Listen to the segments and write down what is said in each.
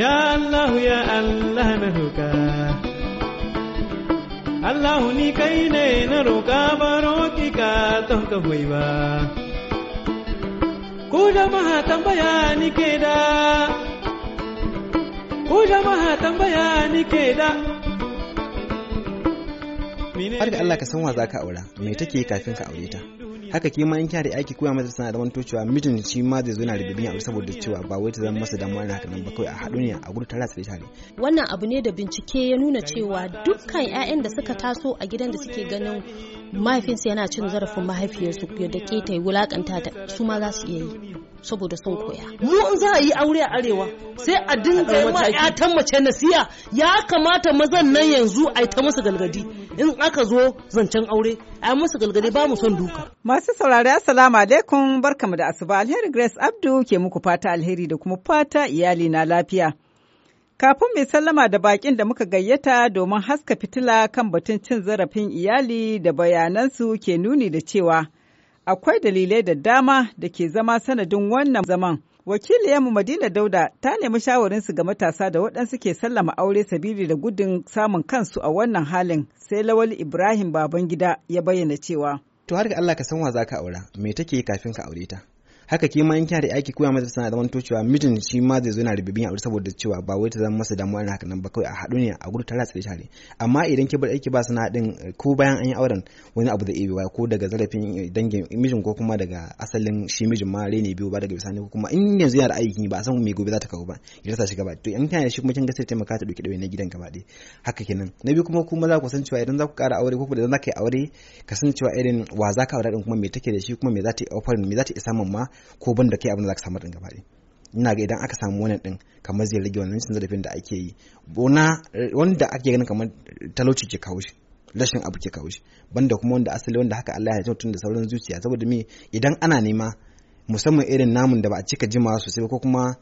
Ya Allah ya Allah na roƙa Allah ni kai ne na roƙa baro ki ka ton ka hoyi ba Ku jama'a tambaya ni ke da Ku jama'a tambaya ni ke da Har da Allah ka san wa zaka aura me take kafin ka aure ta haka ke ma in kya da aiki koya masa sana da wanto cewa mijin shi ma zai zo na rigibin abu saboda cewa ba wai ta zama masa damuwa na haka ba kawai a haɗu ne a gudu tare tsare tare wannan abu ne da bincike ya nuna cewa dukkan 'ya'yan da suka taso a gidan da suke ganin mahaifinsu yana cin zarafin mahaifiyarsu yadda ke ta yi wulakanta ta su ma za su iya yi saboda sun koya. Mu in za a yi aure a arewa sai a dinga yi ma 'yatan mace nasiya ya kamata mazan nan yanzu a yi ta musu galgadi. in aka zo zancen aure a musu galgali ba mu son duka masu saurari assalamu alaikum barkamu da asuba alheri grace abdu ke muku fata alheri da kuma fata iyali na lafiya Kafin mai sallama da bakin da muka gayyata domin haska fitila kan batun cin zarafin iyali da bayanansu ke nuni da cewa akwai dalilai da dama da ke zama sanadin wannan zaman. Wakiliyarmu Madina Dauda ta nemi shawarinsu ga matasa da waɗansu ke sallama aure sabili da gudun samun kansu a wannan halin sai lawali Ibrahim Babangida ya bayyana cewa. To har ga Allah ka san wa za ka aura, me take kafin ka aure ta? haka ke ma in kina da aiki koya masa sana da zaman cewa mijin shi ma zai zo yana ribibin aure saboda cewa ba wai ta zama masa damuwa na hakanan ba kawai a haɗu ne a gudu tara tsare tare amma idan ki bar aiki ba sana din ko bayan an yi auren wani abu da ebe ba ko daga zarafin dangin mijin ko kuma daga asalin shi mijin ma rene biyu ba daga bisani ko kuma in yanzu yana da aiki ba a san me gobe za ta kawo ba ya rasa shi gaba to in kana da shi kuma kin ga sai taimaka ta dauki na gidan gaba ɗaya haka kenan na biyu kuma kuma za ku san cewa idan za ku ƙara aure ko kuma idan za ka yi aure ka san cewa irin wa za ka aure din kuma me take da shi kuma me za ta yi offering me za ta yi samun ma ko ban da kai abin da zaka samar din gaba ina ga idan aka samu wannan din kamar zai rage wannan cin zarafin da ake yi bona wanda ake ganin kamar talauci ke kawo shi rashin abu ke kawo shi banda kuma wanda asali wanda haka Allah ya tun da sauran zuciya saboda me idan ana nema musamman irin namun da ba a cika jimawa sosai ko kuma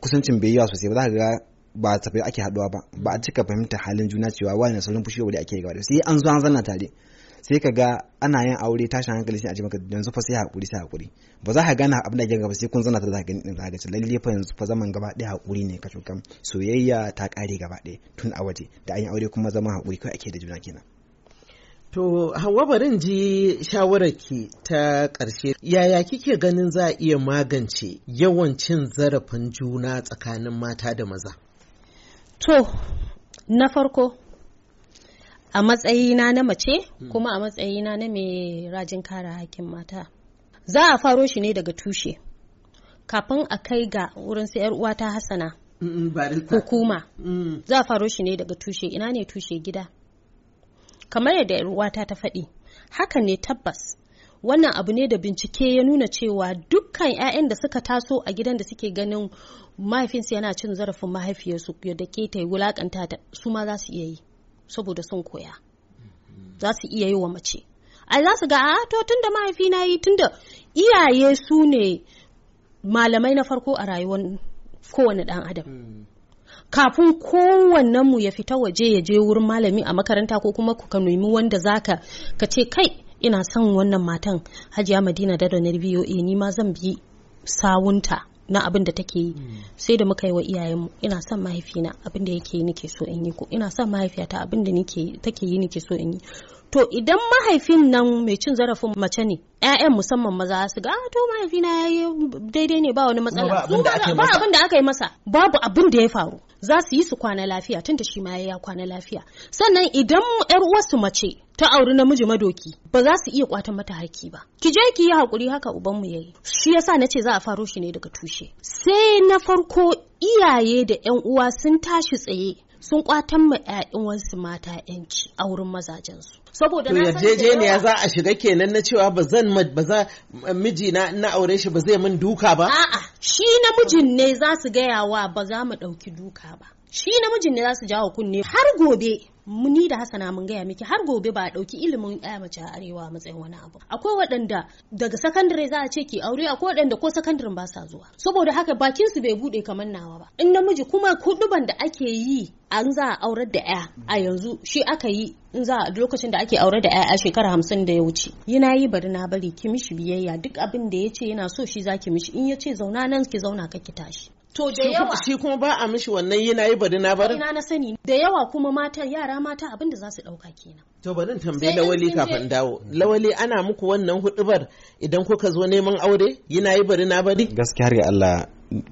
kusancin bai yawa sosai ba za ka ga ba tafiya ake haduwa ba ba a cika fahimta halin juna cewa wani na saurin fushi da ake gaba da sai an zo an zanna tare sai ka ga ana yin aure tashin hankali sai a ce maka yanzu fa sai hakuri sai hakuri ba za ka gane abin da ke gaba sai kun zana ta zagin din zaga ce lalle fa yanzu fa zaman gaba ɗaya hakuri ne ka shukan soyayya ta ƙare gaba ɗaya tun a waje da an yi aure kuma zaman hakuri kai ake da juna kenan To hawa barin ji shawararki ta ƙarshe yaya kike ganin za a iya magance yawan cin zarafin juna tsakanin mata da maza? To, na farko a matsayina na mace hmm. kuma a matsayina na mai rajin kare hakkin mata za a faro shi ne daga tushe kafin a kai ga wurin sayar uwa ta hasana hukuma hmm. za a faro shi ne daga tushe ina ne tushe gida kamar yadda 'yar uwata ta faɗi hakan ne tabbas wannan abu ne da bincike ya nuna cewa dukkan 'ya'yan da suka taso a gidan da suke ganin mahaifinsu yana cin zarafin mahaifiyarsu yadda ke ta yi wulakanta su ma za su iya yi saboda sun koya za su iya yi wa mace ai za su ga a ah, to tun da mahaifi na yi tun da iyaye su ne malamai na farko a rayuwar kowane dan adam kafin kowannen mu ya fita waje ya je wurin malami a makaranta ko kuma ku ka nemi wanda zaka ka ce kai ina son wannan matan hajiya madina da da biyo ni ma zan bi sawunta na abin da take yi hmm. sai da muka yi wa iyayenmu ina son mahaifina abin da yake yi nake so in yi ko ina son mahaifiyata abin da take yi nake so in yi to idan mahaifin nan mai cin zarafin mace ne 'ya'yan musamman maza su ga ah, to mahaifina ya yi daidai ne ba wani matsala ba abin da aka yi masa babu abin da ya faru za su yi su kwana lafiya tunda shi ma ya kwana lafiya sannan idan yar wasu mace ta auri namiji madoki ba za su iya kwatan mata harki ba ki je ki yi hakuri haka ubanmu yayi shi yasa nace za a faro shi ne daga tushe sai na farko iyaye da yan uwa sun tashi tsaye sun kwatan ma 'ya'yan wasu mata 'yanci a wurin mazajensu. saboda na yarjejeniya za a shiga kenan na cewa ba zan ba za miji na aure shi ba zai min duka ba a'a shi namijin ne za su gaya wa ba za mu dauki duka ba shi namijin ne za su jawo kunne har gobe ni da Hassana mun gaya miki har gobe ba a ɗauki ilimin ya mace a arewa a matsayin wani abu akwai waɗanda daga sakandare za a ce ki aure akwai waɗanda ko sakandaren ba sa zuwa saboda haka bakin su bai bude kamar nawa ba in namiji kuma kuɗuban da ake yi an za a aurar da ɗaya a yanzu shi aka yi in za a lokacin da ake aure da 'ya'ya shekara hamsin da ya wuce yana yi bari na bari ki mishi biyayya duk abin da ya ce yana so shi za ki mishi in ya ce zauna nan ki zauna ka ki tashi to da yawa shi kuma ba a mishi wannan yana yi bari na bari na sani da yawa kuma mata yara mata abin da za su dauka kenan to bari in tambayi lawali kafin dawo lawali ana muku wannan hudubar idan kuka zo neman aure yana yi bari na bari gaskiya ga Allah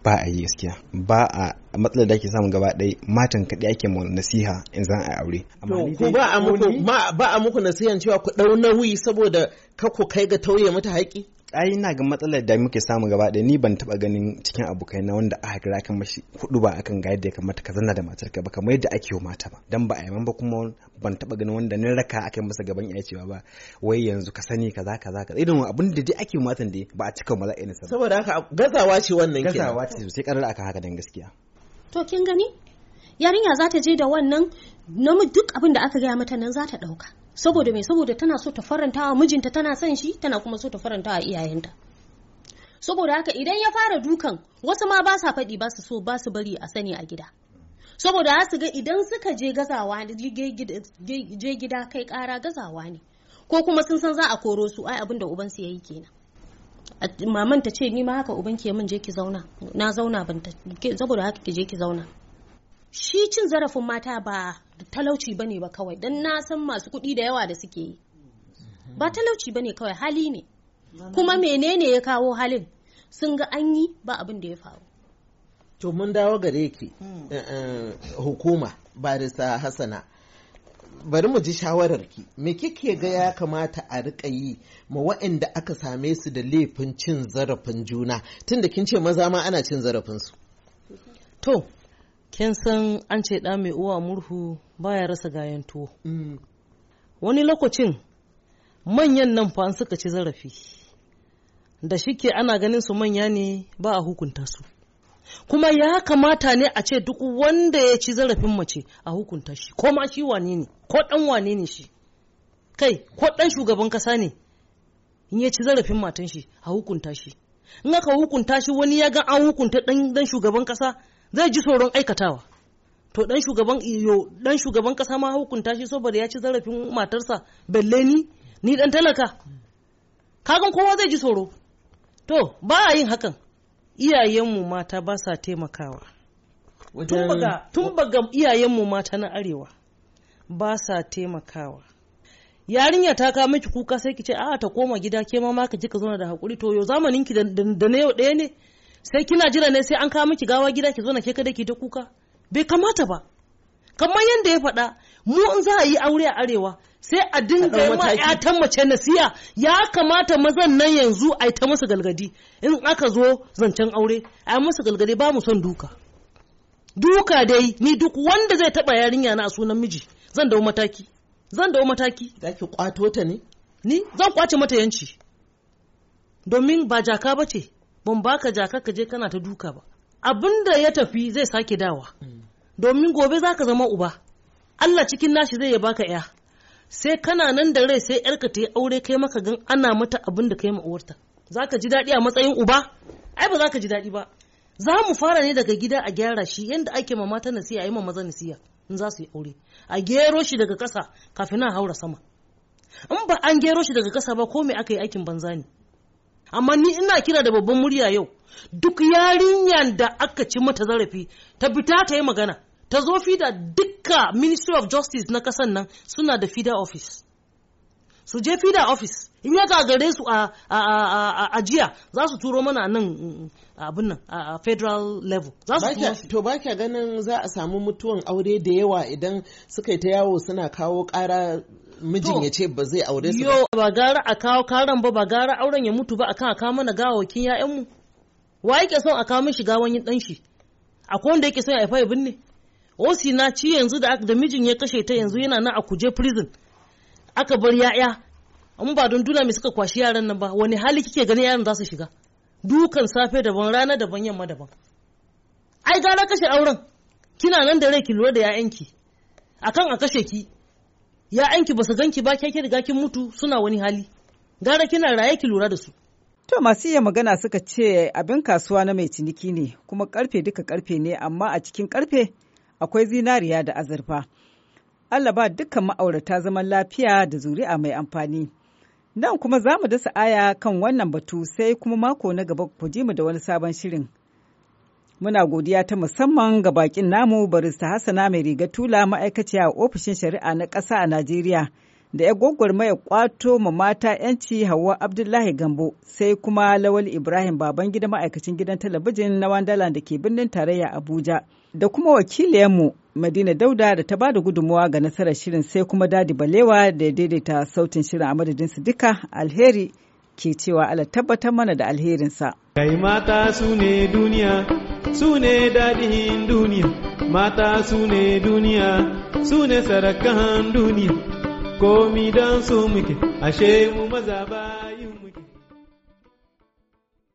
ba a yi gaskiya ba a matsalar da ake samun gaba ɗaya matan kaɗai ake mu nasiha in za a yi aure. Ko ba a muku ba a muku nasihan cewa ku ɗau nauyi saboda ka ku kai ga tauye mata haƙi? ai ina ga matsalar da muke samu gaba ɗaya ni ban taɓa ganin cikin abokai na wanda aka kira kan mashi hudu ba akan ga yadda ya kamata ka zanna da matar ka ba kamar yadda ake yi mata ba dan ba a yaman ba kuma ban taɓa ganin wanda ni raka akan masa gaban iya cewa ba wai yanzu ka sani kaza kaza kaza irin abin da dai ake yi matan da ba a cika mala'in sa saboda haka gazawa ce wannan kenan gazawa ce sosai karar aka haka dan gaskiya to kin gani yarinya za ta je da wannan namu duk abin da aka gaya mata nan za ta ɗauka saboda mai saboda tana so ta faranta wa mijinta tana son shi tana kuma so ta faranta wa iyayenta saboda haka idan ya fara dukan wasu ma ba sa faɗi ba su so ba su bari a sani a gida saboda za su ga idan suka je gazawa je gida kai ƙara gazawa ne ko kuma sun san za a koro su ai abin da ubansu ya yi kenan maman ta ce ni ma haka uban ke min je ki zauna na zauna ban ta saboda haka ki je ki zauna shi cin zarafin mata ba talauci ba ne ba kawai don na san masu kuɗi da yawa da suke yi ba talauci ba ne kawai hali ne kuma menene ya kawo halin sun ga an yi ba abin da ya faru to mun dawo gare ki hmm. eh, eh, hukuma barista hassana bari mu ji shawararki me kike ga ya kamata a rika yi ma waɗanda aka same su da laifin cin zarafin juna tunda kin ce maza ma ana cin zarafin su to kin san an ce ɗa mai uwa murhu baya rasa gayan tuwo mm. wani lokacin manyan nan fa an suka ci zarafi da shi ke ana ganin su manya ne ba a hukunta su kuma ya kamata ne a ce duk wanda ya ci zarafin mace a hukunta shi ko ma shi wane ne ko dan wane ne shi kai ko dan shugaban kasa ne in ya ci zarafin matan shi a hukunta shi in aka hukunta shi wani ya ga an hukunta dan shugaban kasa zai ji tsoron aikatawa to dan shugaban iyo dan shugaban kasa ma hukunta shi saboda ya ci zarafin matarsa belle ni ni dan talaka kagan kowa zai ji tsoro to ba a yin hakan iyayenmu mata ba sa taimakawa tun baga iyayenmu mata na arewa ba sa taimakawa yarinya ta kawo miki kuka sai ki ce a'a ta koma gida ke ma ka ji ka zo da hakuri to yo zamanin ki da na yau ɗaya ne sai kina jira ne sai an kawo miki gawa gida ki zo na ke kada ki ta kuka bai kamata ba kamar yadda ya faɗa mu in za a yi aure a arewa sai a dinga yi ma ƴatan mace nasiya ya kamata mazan nan yanzu a ta musu galgadi in aka zo zancen aure a yi musu galgadi ba mu son duka duka dai ni duk wanda zai taba yarinya na a sunan miji zan dawo mataki zan dawo mataki za ki kwato ta ne ni zan kwace mata yanci domin ba jaka ba ce ban baka jaka ka je kana ta duka ba Abinda ya tafi zai sake dawa domin gobe zaka zama uba Allah cikin nashi zai ya baka ya sai kana nan da rai sai yarka ta yi aure kai maka gan ana mata abin da kai ma'uwarta uwarta zaka ji daɗi a matsayin uba ai ba zaka ji daɗi ba za mu fara ne daga gida a gyara shi yadda ake ma mata nasiya a yi ma maza nasiya in za su yi aure a gero shi daga ƙasa kafin a haura sama in ba an gero shi daga ƙasa ba ko me aka yi aikin banza ne amma ni ina kira da babban murya yau duk yarinyar da aka ci mata zarafi ta fita ta yi magana ta zo fida dukka ministry of justice na kasan nan suna da fida office su je fida office in ya gagare su a jiya za su turo mana nan abin nan a federal level za su to ba kya ganin za a samu mutuwan aure da yawa idan suka yi ta yawo suna kawo kara mijin ya ce ba zai aure su ba gara a kawo karan ba ba gara auren ya mutu ba akan a kawo mana gawakin ya'yanmu. wa yake son a kawo mishi gawan dan shi ko wanda yake son ya haifa ya binne osi na ci yanzu da da mijin ya kashe ta yanzu yana nan a kuje prison aka bar ya'ya amma ba don duna mai suka kwashi yaran nan ba wani hali kike ganin yaran za su shiga dukan safe daban rana daban yamma daban ai gara kashe auren kina nan da rai ki lura da 'ya'yanki akan a kashe ki ya'yanki ba su ganki ba ke riga kin mutu suna wani hali gara kina raye ki lura da su To masu iya magana suka ce abin kasuwa na mai ciniki ne kuma karfe duka karfe ne amma a cikin karfe akwai zinariya da azurfa. Allah ba dukkan ma'aurata zaman lafiya da zuri'a mai amfani. Nan kuma za mu dasa aya kan wannan batu sai kuma mako na gaba ku ji mu da wani sabon shirin. Muna godiya ta musamman ga bakin namu barista Hassana mai riga tula ma'aikaciya a ofishin shari'a na ƙasa a Najeriya da ya gwagwarmaya kwato ma mata 'yanci Hauwa Abdullahi Gambo sai kuma Lawal Ibrahim baban gida ma'aikacin gidan talabijin na Wandala da ke birnin tarayya Abuja da kuma wakiliyanmu Madina Dauda da ta bada gudunmawa ga nasarar shirin sai kuma Dadi Balewa da ya daidaita sautin shirin a madadin su duka alheri ke cewa Allah tabbatar mana da alherinsa. Kai mata su ne duniya sune ne daɗin duniya mata su duniya su ne sarakan duniya komi don su muke ashe mu maza baya